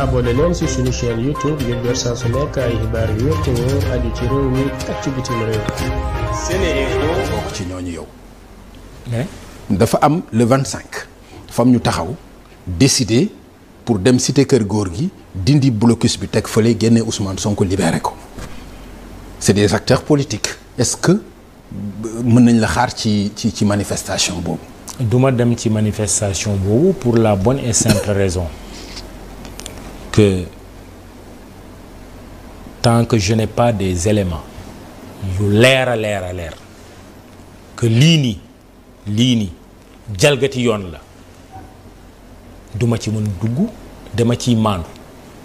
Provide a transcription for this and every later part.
abonné leen ci suñu chaîne YouTube ngir jot saa su nekk ay xibaar yu ci réew mi ak ci bitim yow. dafa am le 25. fam ñu taxaw décider pour dem cité kër góor gi dindi blocus bi teg fële génne Ousmane Sonko libéré ko. c'est des acteurs politiques. est-ce que euh, mën nañ la xaar ci ci ci manifestation boobu. duma dem ci manifestation boobu pour la bonne et simple raison. que tant que je n'ai pas des éléments yu leer a leer a leer que lii nii lii nii jalgati yoon la duma ci mën dugg dama ciy maandu.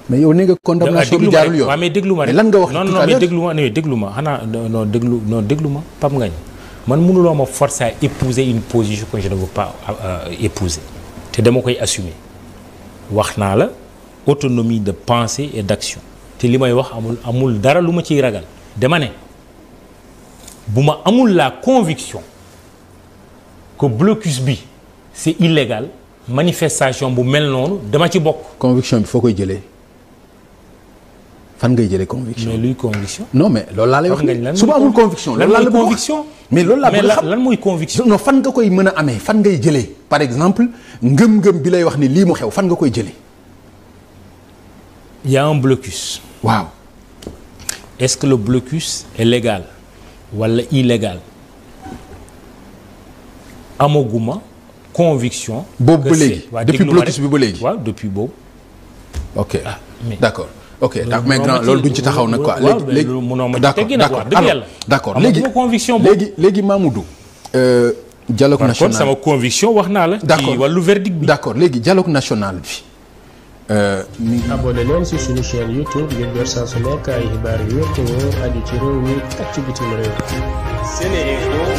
mais yow nee nga condamnation bi jaarul yoon mais déglu ma rek lan nga déglu ma nee déglu ma xanaa non déglu non déglu ma Pape Ngagne man mënuloo ma forcer à épouser une position que je pas euh, épouser te dama koy assume wax naa la. autonomie de pensée et d'action te li may wax amul amul dara lu ma ciy ragal dama ne bu ma amul la conviction que blocus bi c'est illégal manifestation bu mel noonu dama ci bokk. conviction bi foo koy jëlee fan ngay jëlee conviction. mais luy conviction. non mais loolu laa lay wax ne su ma amul conviction. lan mooy conviction mais loolu laa bëgg mooy conviction. non fan nga koy mën a amee fan ngay jëlee par exemple ngëm-ngëm bi lay wax ni lii mu xew fan nga koy jëlee. il y blocus. waaw. est-ce que le blocus est légal walla illégal amaguma conviction. boobu ba léegi waaw depuis blocus bi ba léegi. waaw depuis boobu. ok ah, mais d'accord. ok donc maintenant loolu duñ ci taxaw nag quoi léegi léegi d'accord d'accord léegi conviction léegi léegi Mamoudou. Euh, dialogue national sama conviction wax naa la. d'accord ci wàllu verdict bi. d'accord léegi dialogue national bi. Euh, mi ngi abonné leen si suñu chaîne YouTube ngir jot saa su nekk ay xibaar yu wér te wóor aju ci réew mi ak ci bitim